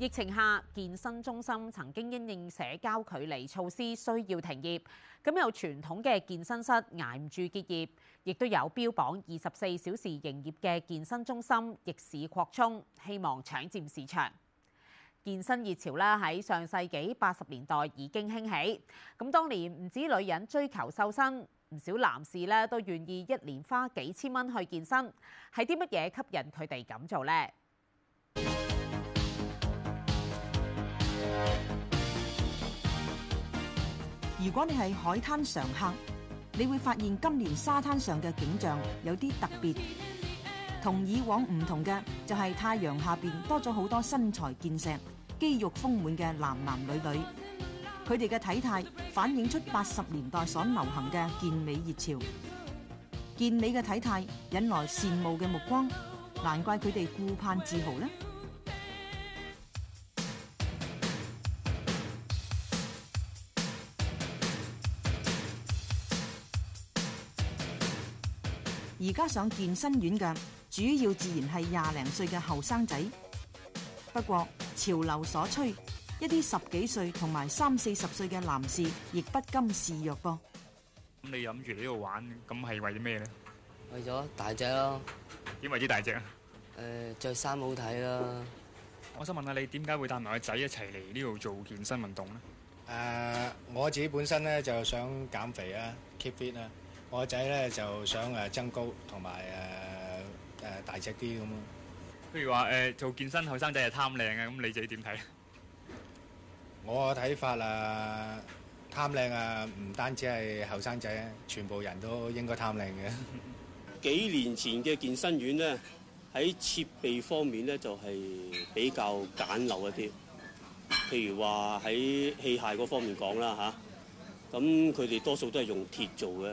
疫情下，健身中心曾經因應社交距離措施需要停業，咁有傳統嘅健身室捱唔住結業，亦都有標榜二十四小時營業嘅健身中心逆市擴充，希望搶佔市場。健身熱潮咧喺上世紀八十年代已經興起，咁當年唔止女人追求瘦身，唔少男士呢都願意一年花幾千蚊去健身，係啲乜嘢吸引佢哋咁做呢？如果你係海灘常客，你會發現今年沙灘上嘅景象有啲特別，同以往唔同嘅就係太陽下邊多咗好多身材健碩、肌肉豐滿嘅男男女女。佢哋嘅體態反映出八十年代所流行嘅健美熱潮，健美嘅體態引來羨慕嘅目光，難怪佢哋顧盼自豪呢。而家上健身院嘅主要自然係廿零歲嘅後生仔，不過潮流所趨，一啲十幾歲同埋三四十歲嘅男士亦不甘示弱噃。咁你諗住嚟呢度玩，咁係為咗咩咧？為咗大隻咯。點為之大隻啊？誒，着衫好睇啦。我想問下你，點解會帶埋個仔一齊嚟呢度做健身運動咧？誒，我自己本身咧就想減肥啊，keep fit 啊。我仔咧就想誒增高同埋誒誒大隻啲咁咯。譬如話誒、呃、做健身後生仔係貪靚嘅，咁你自己點睇？我睇法啊，貪靚啊，唔單止係後生仔，全部人都應該貪靚嘅。 幾年前嘅健身院咧，喺設備方面咧就係、是、比較簡陋一啲。譬如話喺器械嗰方面講啦吓，咁佢哋多數都係用鐵做嘅。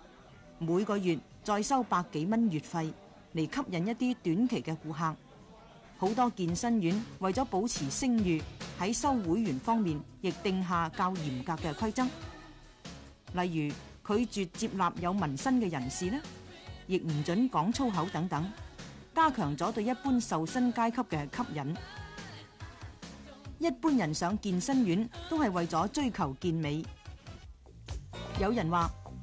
每個月再收百幾蚊月費嚟吸引一啲短期嘅顧客，好多健身院為咗保持聲譽，喺收會員方面亦定下較嚴格嘅規則，例如拒絕接納有紋身嘅人士呢，亦唔準講粗口等等，加強咗對一般瘦身階級嘅吸引。一般人上健身院都係為咗追求健美，有人話：